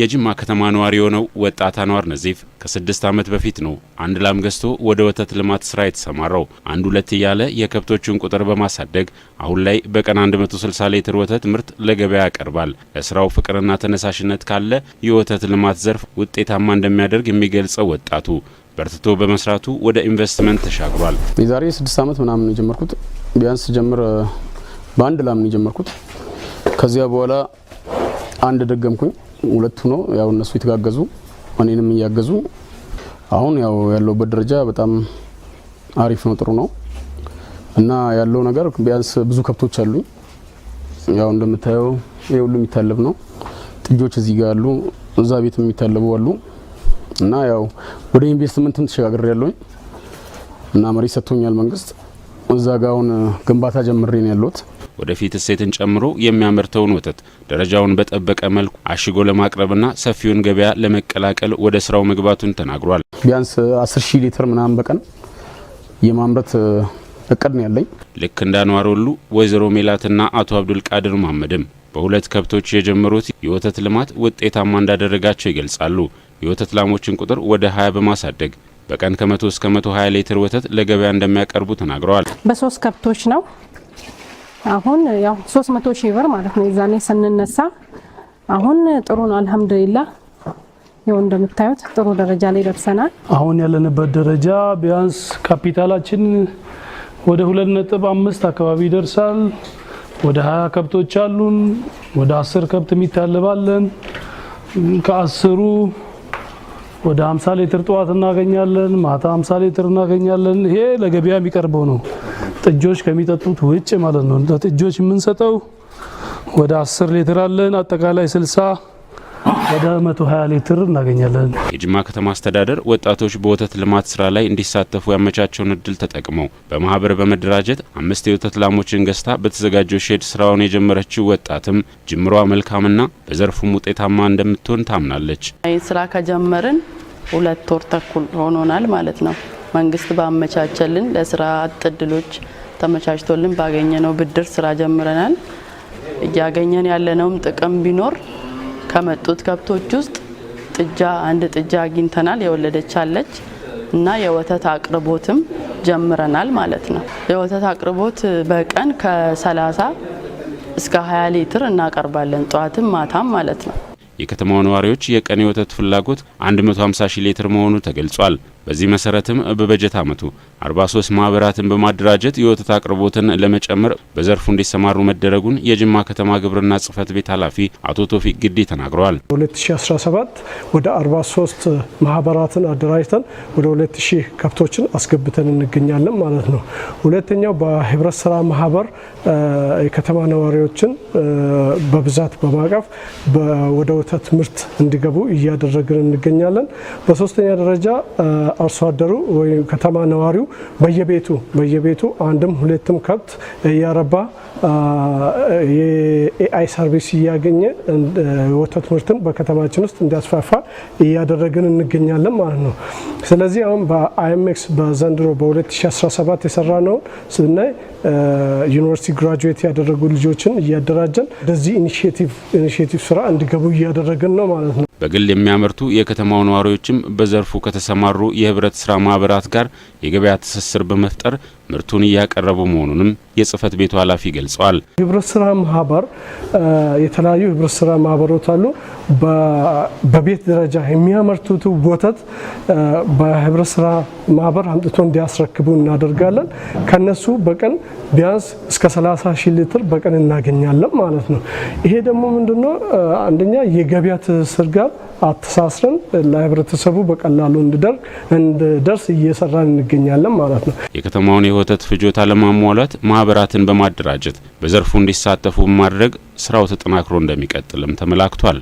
የጅማ ከተማ ነዋሪ የሆነው ወጣት አንዋር ነዚፍ ከስድስት ዓመት በፊት ነው አንድ ላም ገዝቶ ወደ ወተት ልማት ስራ የተሰማራው። አንድ ሁለት እያለ የከብቶቹን ቁጥር በማሳደግ አሁን ላይ በቀን 160 ሊትር ወተት ምርት ለገበያ ያቀርባል። ለስራው ፍቅርና ተነሳሽነት ካለ የወተት ልማት ዘርፍ ውጤታማ እንደሚያደርግ የሚገልጸው ወጣቱ በርትቶ በመስራቱ ወደ ኢንቨስትመንት ተሻግሯል። የዛሬ ስድስት ዓመት ምናምን የጀመርኩት ቢያንስ ጀምር በአንድ ላም ነው የጀመርኩት። ከዚያ በኋላ አንድ ደገምኩኝ ሁለት ሆኖ ያው እነሱ የተጋገዙ እኔንም እያገዙ አሁን ያው ያለውበት ደረጃ በጣም አሪፍ ነው፣ ጥሩ ነው እና ያለው ነገር ቢያንስ ብዙ ከብቶች አሉኝ። ያው እንደምታየው ይሄ ሁሉ የሚታለብ ነው። ጥጆች እዚህ ጋር አሉ፣ እዛ ቤት የሚታለቡ አሉ እና ያው ወደ ኢንቨስትመንትም ተሸጋግሬ ያለውኝ እና መሬት ሰጥቶኛል መንግስት። እዛ ጋ አሁን ግንባታ ጀምሬ ነው ያለሁት። ወደፊት እሴትን ጨምሮ የሚያመርተውን ወተት ደረጃውን በጠበቀ መልኩ አሽጎ ለማቅረብና ሰፊውን ገበያ ለመቀላቀል ወደ ስራው መግባቱን ተናግሯል። ቢያንስ 10 ሺህ ሊትር ምናምን በቀን የማምረት እቅድ ነው ያለኝ። ልክ እንዳኗር ሁሉ ወይዘሮ ሜላትና አቶ አብዱል ቃድር ማመድም በሁለት ከብቶች የጀመሩት የወተት ልማት ውጤታማ እንዳደረጋቸው ይገልጻሉ። የወተት ላሞችን ቁጥር ወደ 20 በማሳደግ በቀን ከመቶ እስከ መቶ 20 ሊትር ወተት ለገበያ እንደሚያቀርቡ ተናግረዋል። በሶስት ከብቶች ነው አሁን ያው 300 ሺህ ብር ማለት ነው የዛኔ ስንነሳ። አሁን ጥሩ ነው አልሐምዱሊላህ። ያው እንደምታዩት ጥሩ ደረጃ ላይ ደርሰናል። አሁን ያለንበት ደረጃ ቢያንስ ካፒታላችን ወደ 2.5 አካባቢ ይደርሳል። ወደ 20 ከብቶች አሉን። ወደ 10 ከብት የሚታለባለን። ከአስሩ ወደ 50 ሊትር ጠዋት እናገኛለን፣ ማታ 50 ሊትር እናገኛለን። ይሄ ለገበያ የሚቀርበው ነው። ጥጆች ከሚጠጡት ውጭ ማለት ነው። ለጥጆች የምንሰጠው ወደ 10 ሊትር አለን። አጠቃላይ 60 ወደ 120 ሊትር እናገኛለን። የጅማ ከተማ አስተዳደር ወጣቶች በወተት ልማት ስራ ላይ እንዲሳተፉ ያመቻቸውን እድል ተጠቅመው በማህበር በመደራጀት አምስት የወተት ላሞችን ገዝታ በተዘጋጀው ሼድ ስራውን የጀመረችው ወጣትም ጅምሯ መልካምና በዘርፉም ውጤታማ እንደምትሆን ታምናለች። ስራ ከጀመርን ሁለት ወር ተኩል ሆኖናል ማለት ነው። መንግስት ባመቻቸልን ለስራ አጥ እድሎች ተመቻችቶልን ባገኘነው ብድር ስራ ጀምረናል። እያገኘን ያለነውም ጥቅም ቢኖር ከመጡት ከብቶች ውስጥ ጥጃ አንድ ጥጃ አግኝተናል፣ የወለደች አለች እና የወተት አቅርቦትም ጀምረናል ማለት ነው። የወተት አቅርቦት በቀን ከ30 እስከ 20 ሊትር እናቀርባለን፣ ጠዋትም ማታም ማለት ነው። የከተማው ነዋሪዎች የቀን የወተት ፍላጎት 150 ሺህ ሊትር መሆኑ ተገልጿል። በዚህ መሰረትም በበጀት ዓመቱ 43 ማህበራትን በማደራጀት የወተት አቅርቦትን ለመጨመር በዘርፉ እንዲሰማሩ መደረጉን የጅማ ከተማ ግብርና ጽህፈት ቤት ኃላፊ አቶ ቶፊቅ ግዲ ተናግረዋል። 2017 ወደ 43 ማህበራትን አደራጅተን ወደ 2000 ከብቶችን አስገብተን እንገኛለን ማለት ነው። ሁለተኛው በህብረት ስራ ማህበር የከተማ ነዋሪዎችን በብዛት በማቀፍ ወደ ወተት ምርት እንዲገቡ እያደረግን እንገኛለን። በሶስተኛ ደረጃ አርሶ አደሩ ወይ ከተማ ነዋሪው በየቤቱ በየቤቱ አንድም ሁለትም ከብት እያረባ የኤአይ ሰርቪስ እያገኘ ወተት ምርትም በከተማችን ውስጥ እንዲያስፋፋ እያደረግን እንገኛለን ማለት ነው። ስለዚህ አሁን በአይኤምኤክስ በዘንድሮ በ2017 የሰራ ነው ስናይ ዩኒቨርሲቲ ግራጁዌት ያደረጉ ልጆችን እያደራጀን ወደዚህ ኢኒሽቲቭ ስራ እንዲገቡ እያደረግን ነው ማለት ነው። በግል የሚያመርቱ የከተማው ነዋሪዎችም በዘርፉ ከተሰማሩ የህብረት ስራ ማህበራት ጋር የገበያ ትስስር በመፍጠር ምርቱን እያቀረቡ መሆኑንም የጽህፈት ቤቱ ኃላፊ ገልጸዋል። ህብረት ስራ ማህበር የተለያዩ ህብረት ስራ ማህበሮች አሉ። በቤት ደረጃ የሚያመርቱት ወተት በህብረት ስራ ማህበር አምጥቶ እንዲያስረክቡ እናደርጋለን። ከነሱ በቀን ቢያንስ እስከ 30 ሺህ ሊትር በቀን እናገኛለን ማለት ነው። ይሄ ደግሞ ምንድነው አንደኛ የገበያ ትስስር ጋር አተሳስረን ለህብረተሰቡ በቀላሉ እንድደርስ እየሰራን እንገኛለን ማለት ነው። የከተማውን የወተት ፍጆታ ለማሟላት ማህበራትን በማደራጀት በዘርፉ እንዲሳተፉ በማድረግ ስራው ተጠናክሮ እንደሚቀጥልም ተመላክቷል።